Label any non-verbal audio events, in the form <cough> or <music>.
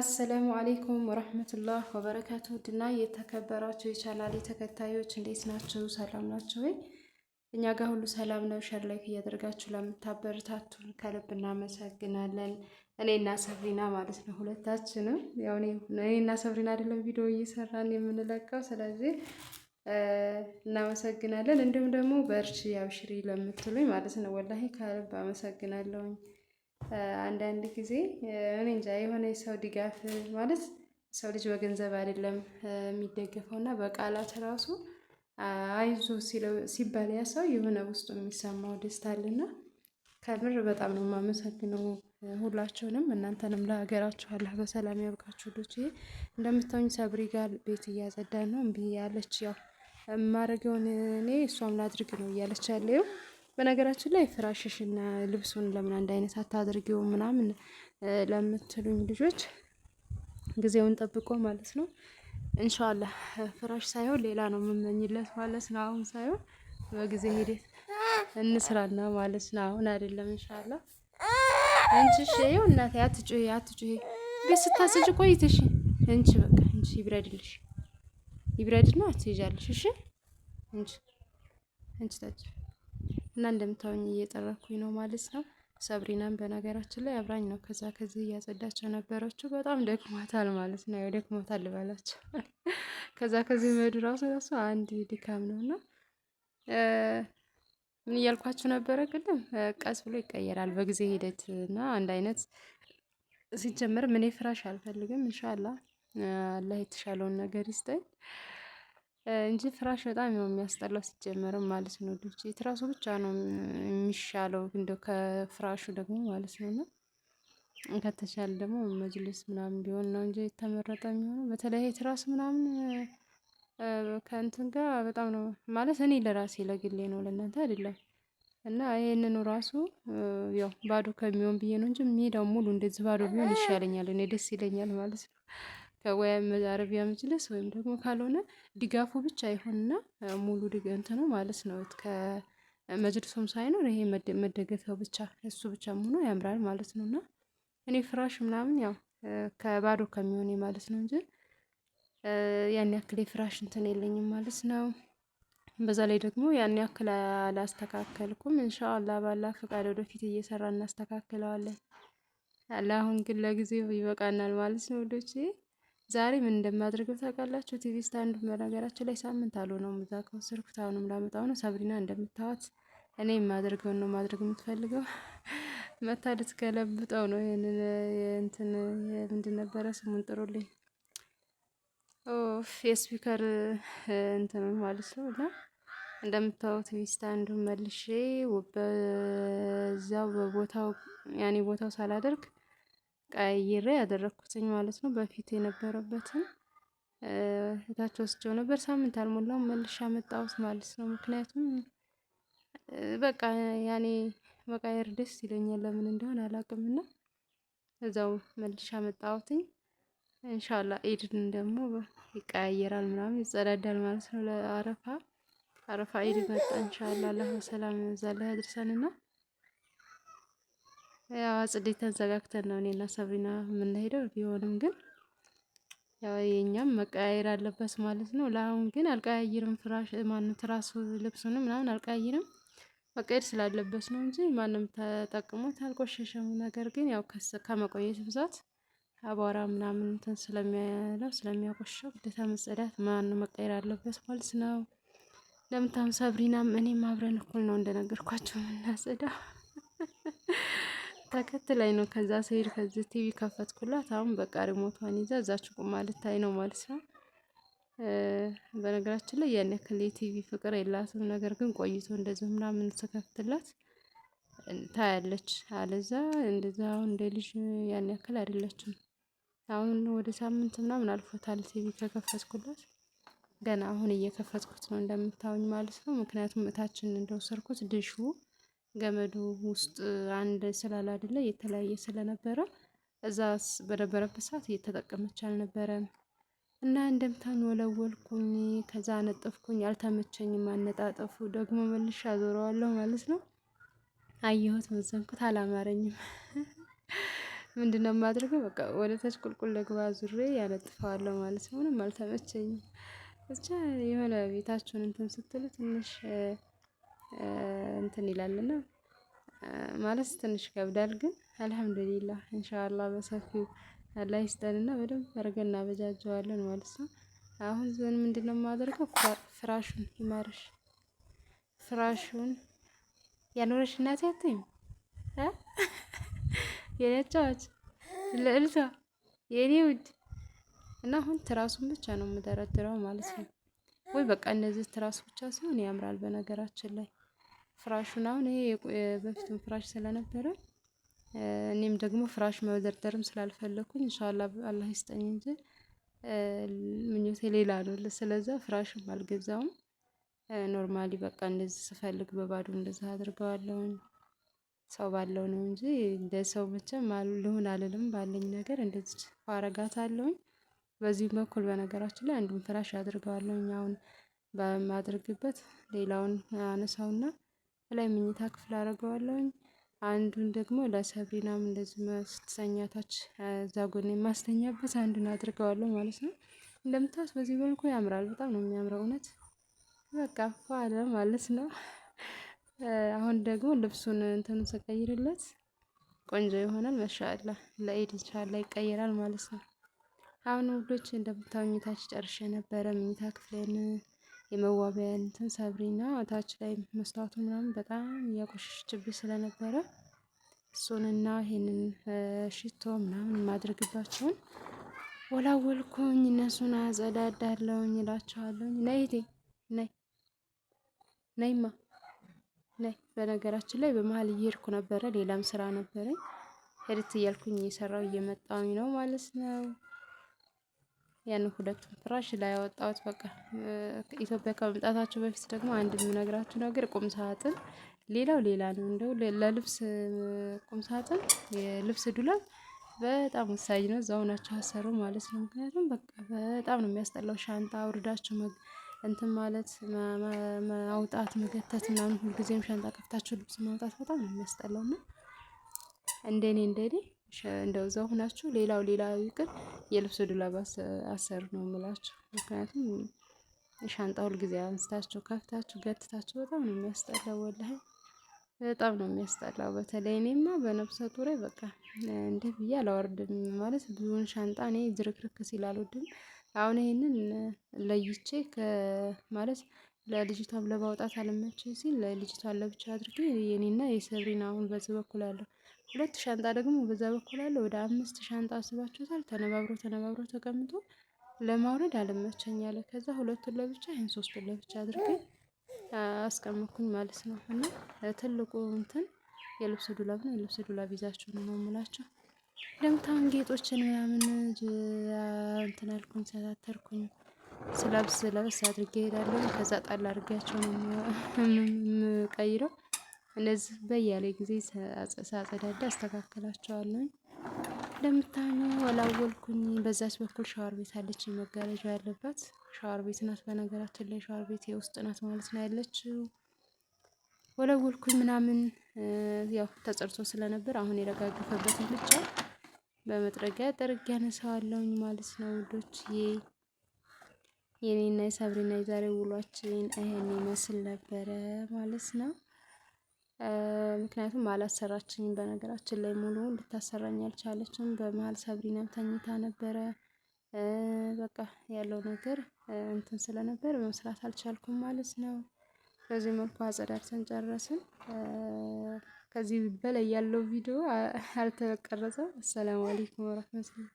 አሰላሙ አሌይኩም ወረህመቱላህ ወበረካቱ ድና የተከበራችሁ የቻናሌ ተከታዮች እንዴት ናቸው? ሰላም ናቸው ወይ? እኛ ጋር ሁሉ ሰላም ነው። ሸር ላይክ እያደረጋችሁ ለምታበረታቱን ከልብ እናመሰግናለን። እኔና ሰብሪና ማለት ነው ሁለታችንም ያው እኔና ሰብሪና አይደለም ቪዲዮ እየሰራን የምንለቀው ስለዚህ እናመሰግናለን። እንዲሁም ደግሞ በእርች ያብሽሪ ለምትሉኝ ማለት ነው ወላሂ ከልብ አመሰግናለሁኝ። አንዳንድ ጊዜ እኔ እንጃ የሆነ የሰው ድጋፍ ማለት ሰው ልጅ በገንዘብ አይደለም የሚደገፈው እና በቃላት ራሱ አይዞ ሲባል ያ ሰው የሆነ ውስጡ የሚሰማው ደስታ አለና ከምር በጣም ነው የማመሰግነው ሁላችሁንም። እናንተንም ለሀገራችሁ አላህ በሰላም ያብቃችሁ። ልጅ እንደምታውኝ ሰብሪ ጋር ቤት እያጸዳን ነው። እምቢ ያለች ያው ማድረግ እኔ እሷም ላድርግ ነው እያለች ያለው በነገራችን ላይ ፍራሽሽና ልብሱን ለምን አንድ አይነት አታድርጊው ምናምን ለምትሉኝ ልጆች ጊዜውን ጠብቆ ማለት ነው እንሻላህ ፍራሽ ሳይሆን ሌላ ነው የምመኝለት ማለት ነው። አሁን ሳይሆን በጊዜ ሂደት እንስራና ማለት ነው። አሁን አይደለም ኢንሻአላህ። አንቺ ሸየው እናቴ አትጩሂ፣ አትጩሂ ቤት ስታስጭ ቆይትሽ። እንቺ በቃ እንቺ ይብረድልሽ፣ ይብረድና አትይዣለሽ። እሺ እንቺ እንቺ ታጭ እና እንደምታዩኝ እየጠረኩኝ ነው ማለት ነው። ሰብሪናም በነገራችን ላይ አብራኝ ነው ከዛ ከዚህ እያጸዳቸው ነበረችው። በጣም ደክሟታል ማለት ነው። ደክሟታል ልበላቸው። <laughs> ከዛ ከዚህ መሄዱ ራሱ ራሱ አንድ ድካም ነው እና ምን እያልኳችሁ ነበረ? ቅድም ቀስ ብሎ ይቀየራል በጊዜ ሂደት እና አንድ አይነት ሲጀምር ምን ፍራሽ አልፈልግም። እንሻላ አላህ የተሻለውን ነገር ይስጠኝ። እንጂ ፍራሽ በጣም ነው የሚያስጠላው ሲጀመርም ማለት ነው። ልጅ ትራሱ ብቻ ነው የሚሻለው እንደው ከፍራሹ ደግሞ ማለት ነው። እና ከተቻለ ደግሞ መጅልስ ምናምን ቢሆን ነው እንጂ የተመረጠ የሚሆነው በተለይ ትራሱ ምናምን ከእንትን ጋር በጣም ነው ማለት እኔ ለራሴ ለግሌ ነው ለእናንተ አይደለም። እና ይህንኑ ራሱ ያው ባዶ ከሚሆን ብዬ ነው እንጂ ሜዳው ሙሉ እንደዚህ ባዶ ቢሆን ይሻለኛል እኔ ደስ ይለኛል ማለት ነው። ወይም አረቢያ መጅለስ ወይም ደግሞ ካልሆነ ድጋፉ ብቻ ይሆንና ሙሉ ድገንት ነው ማለት ነው። ከመጅልሱም ሳይኖር ይሄ መደገፊያው ብቻ እሱ ብቻ መሆኑ ያምራል ማለት ነው። እና እኔ ፍራሽ ምናምን ያው ከባዶ ከሚሆን ማለት ነው እንጂ ያን ያክል የፍራሽ እንትን የለኝም ማለት ነው። በዛ ላይ ደግሞ ያን ያክል አላስተካከልኩም። እንሻአላ ባላ ፈቃድ ወደፊት እየሰራ እናስተካክለዋለን። ለአሁን ግን ለጊዜው ይበቃናል ማለት ነው። ወዶቼ ዛሬ ምን እንደማደርገው ታውቃላችሁ? ቲቪ ስታንድ በነገራችን ላይ ሳምንት ነው እዛ ከወሰድኩት አሁንም ላመጣው ነው። ሰብሪና እንደምታዋት እኔ የማደርገውን ነው ማድረግ የምትፈልገው <laughs> መታ ልትገለብጠው ነው። ይህንን እንትን ምንድን ነበረ ስሙን ጥሩልኝ፣ የስፒከር እንትን ማለት ነው እና እንደምታዩት ቲቪ ስታንዱን መልሼ በዛው በቦታው ያኔ ቦታው ሳላደርግ ቀይሬ ያደረግኩትኝ ማለት ነው። በፊት የነበረበትን እህታች ወስጀው ነበር። ሳምንት አልሞላውም መልሻ መጣሁት ማለት ነው። ምክንያቱም በቃ ያኔ መቃየር ደስ ይለኛል፣ ለምን እንደሆነ አላውቅምና እዛው መልሻ መጣሁትኝ። እንሻላ ኢድን ደግሞ ይቀያየራል ምናምን ይጸዳዳል ማለት ነው። ለአረፋ አረፋ ኢድ መጣ። እንሻላ አላህ በሰላም እዛ ላይ ያድርሰንና ያው አጽዴት ተዘጋግተን ነው እኔና ሰብሪና የምንሄደው። ቢሆንም ግን ያው የኛም መቀያየር አለበት ማለት ነው። ለአሁን ግን አልቀያይርም። ፍራሽ ማን ትራሱ ልብሱን ምናምን አልቀያይርም። መቀየር ስላለበት ነው እንጂ ማንም ተጠቅሞት አልቆሸሸም። ነገር ግን ያው ከመቆየት ብዛት አቧራ ምናምን እንትን ስለሚያለው ስለሚያቆሸው ግዴታ መጸዳት ማን መቀየር አለበት ማለት ነው። ለምታም ሰብሪናም እኔም አብረን እኩል ነው እንደነገርኳቸው የምናጸዳው። <laughs> ተከትላይ ነው። ከዛ ሰይድ ከዚህ ቲቪ ከፈትኩላት። አሁን በቃ ሪሞቷን ይዛ እዛች ቁማ ልታይ ነው ማለት ነው። በነገራችን ላይ ያን ያክል የቲቪ ፍቅር የላትም። ነገር ግን ቆይቶ እንደዚህ ምናምን ተከፍትላት ታያለች። አለዛ እንደዛ አሁን እንደ ልጅ ያን ያክል አይደለችም። አሁን ወደ ሳምንት ምናምን አልፎታል ቲቪ ከከፈትኩላት። ገና አሁን እየከፈትኩት ነው እንደምታዩኝ ማለት ነው። ምክንያቱም እታችን እንደወሰድኩት ድሹ ገመዱ ውስጥ አንድ ስላል አደለ የተለያየ ስለነበረ እዛ በነበረበት ሰዓት እየተጠቀመች አልነበረም። እና እንደምታን ወለወልኩኝ፣ ከዛ አነጠፍኩኝ። አልተመቸኝም አነጣጠፉ። ደግሞ መልሽ አዞረዋለሁ ማለት ነው። አየሁት፣ መዘንኩት፣ አላማረኝም። <laughs> ምንድነው የማድርገው? በቃ ወደ ታች ቁልቁል ለግባ ዙሬ ያነጥፈዋለሁ ማለት ነው። ምንም አልተመቸኝም። ብቻ የሆነ ቤታችሁን እንትን ስትሉ ትንሽ እንትን ይላልና ማለት ትንሽ ይከብዳል። ግን አልሐምዱሊላህ ኢንሻአላህ በሰፊው አላህ ይስጠንና በደንብ አድርገን እናበጃጀዋለን ማለት ነው። አሁን ዘን ምንድነው የማደርገው? ፍራሹን ይማርሽ ፍራሹን ያኖረሽ እናት አትይም እ የኔ ልዕልቷ የኔ ውድ እና አሁን ትራሱን ብቻ ነው የምደረድረው ማለት ነው። ወይ በቃ እነዚህ ትራስ ብቻ ሲሆን ያምራል በነገራችን ላይ ፍራሹን አሁን ይሄ በፊትም ፍራሽ ስለነበረ እኔም ደግሞ ፍራሽ መደርደርም ስላልፈለኩኝ ኢንሻአላ አላህ ይስጠኝ እንጂ ምኞቴ ሌላ ነው። ስለዛ ፍራሽም አልገዛውም። ኖርማሊ በቃ እንደዚህ ስፈልግ በባዶ እንደዚህ አድርገዋለሁኝ። ሰው ባለው ነው እንጂ እንደ ሰው መቼም ልሆን አልልም። ባለኝ ነገር እንደዚህ አረጋታለሁኝ። በዚህም በኩል በነገራችን ላይ አንዱን ፍራሽ አድርገዋለሁኝ። አሁን በማድርግበት ሌላውን አነሳውና ከላይ ምኝታ ክፍል አደርገዋለሁኝ። አንዱን ደግሞ ለሰብሪናም እንደዚህ ስተኛ ታች እዛ የማስተኛበት አንዱን አድርገዋለሁ ማለት ነው። እንደምታስ በዚህ መልኩ ያምራል። በጣም ነው የሚያምረው እውነት በቃ አለ ማለት ነው። አሁን ደግሞ ልብሱን እንትኑ ስቀይርለት ቆንጆ ይሆናል። መሻላ ለኢድ ኢንሻአላ ይቀየራል ማለት ነው። አሁን ውዶች እንደምታዩኝ ታች ጨርሼ ነበረ ምኝታ ክፍሌን የመዋቢያ እንትን ሰብሪና ታች ላይ መስታወቱ ምናምን በጣም እያቆሸሸችብኝ ስለነበረ እሱንና ይሄንን ሽቶ ምናምን ማድረግባቸውን ወላወልኩኝ። እነሱን አጸዳዳለሁኝ እላቸዋለሁኝ። ነይ እህቴ ነይ ነይማ ነይ። በነገራችን ላይ በመሀል እየሄድኩ ነበረ፣ ሌላም ስራ ነበረኝ። ሄድት እያልኩኝ እየሰራው እየመጣውኝ ነው ማለት ነው። ያን ሁለቱን ፍራሽ ላይ አወጣሁት። በቃ ኢትዮጵያ ከመምጣታቸው በፊት ደግሞ አንድ የምነግራችሁ ነገር ቁም ሳጥን፣ ሌላው ሌላ ነው። እንደው ለልብስ ቁም ሳጥን የልብስ ዱላብ በጣም ወሳኝ ነው። እዛው ናቸው አሰሩ ማለት ነው። ምክንያቱም በቃ በጣም ነው የሚያስጠላው ሻንጣ አውርዳችሁ እንትን ማለት ማውጣት፣ መገተት ምናምን ሁልጊዜም ሻንጣ ከፍታችሁ ልብስ ማውጣት በጣም ነው የሚያስጠላው። እና እንደኔ እንደኔ እንደው እዛው ሆናችሁ ሌላው ሌላው ይቅር የልብስ ዱላብ አሰር ነው የምላችሁ። ምክንያቱም ሻንጣ ሁልጊዜ አንስታችሁ ከፍታችሁ ገትታችሁ በጣም ነው የሚያስጠላው። ወላሂ በጣም ነው የሚያስጠላው። በተለይ እኔማ በነብሰ ጡሬ በቃ እንደ ብዬ አላወርድም ማለት ብዙውን ሻንጣ እኔ ዝርክርክ ሲል አልወድም። አሁን ይሄንን ለይቼ ማለት ለልጅቷም ለማውጣት አልመቼ ሲል ልጅቷን ለብቻ አድርጌ የኔና የሰብሪና አሁን በዚህ በኩል አለው ሁለት ሻንጣ ደግሞ በዛ በኩል አለ። ወደ አምስት ሻንጣ አስባችሁታል። ተነባብሮ ተነባብሮ ተቀምጦ ለማውረድ አለመቸኝ አለ። ከዛ ሁለቱን ለብቻ ይህን ሶስቱን ለብቻ አድርጌ አስቀመጥኩኝ ማለት ነው። እና ትልቁ እንትን የልብስ ዱላብ ነው። የልብስ ዱላብ ይዛችሁ ነው የምላቸው። ለምታውን ጌጦችን ምናምን እንትን አልኩኝ ሰታተርኩኝ ስለብስ ለብስ አድርጌ ሄዳለሁ። ከዛ ጣል አድርጌያቸው ነው የምቀይረው። እንደዚህ በያለ ጊዜ ሳጸዳዳ አስተካከላቸዋለሁ። እንደምታኙ አላወልኩኝ። በዛች በኩል ሻወር ቤት አለች፣ መጋረጃ ያለባት ሻወር ቤት ናት። በነገራችን ላይ ሻወር ቤት የውስጥ ናት ማለት ነው ያለችው። ወለወልኩኝ ምናምን ያው ተጸርቶ ስለነበር አሁን የረጋገፈበትን ብቻ በመጥረጊያ ጠርግ ያነሳዋለውኝ ማለት ነው ውዶች። የኔና የሰብሪና የዛሬ ውሏችን ይህን ይመስል ነበረ ማለት ነው። ምክንያቱም አላሰራችኝም። በነገራችን ላይ ሙሉ ልታሰራኝ አልቻለችም። በመሀል ሰብሪናም ተኝታ ነበረ። በቃ ያለው ነገር እንትን ስለነበር መስራት አልቻልኩም ማለት ነው። በዚህ መልኩ አጸዳድተን ጨረስን። ከዚህ በላይ ያለው ቪዲዮ አልተቀረጸም። አሰላሙ አለይኩም ወራህመቱላህ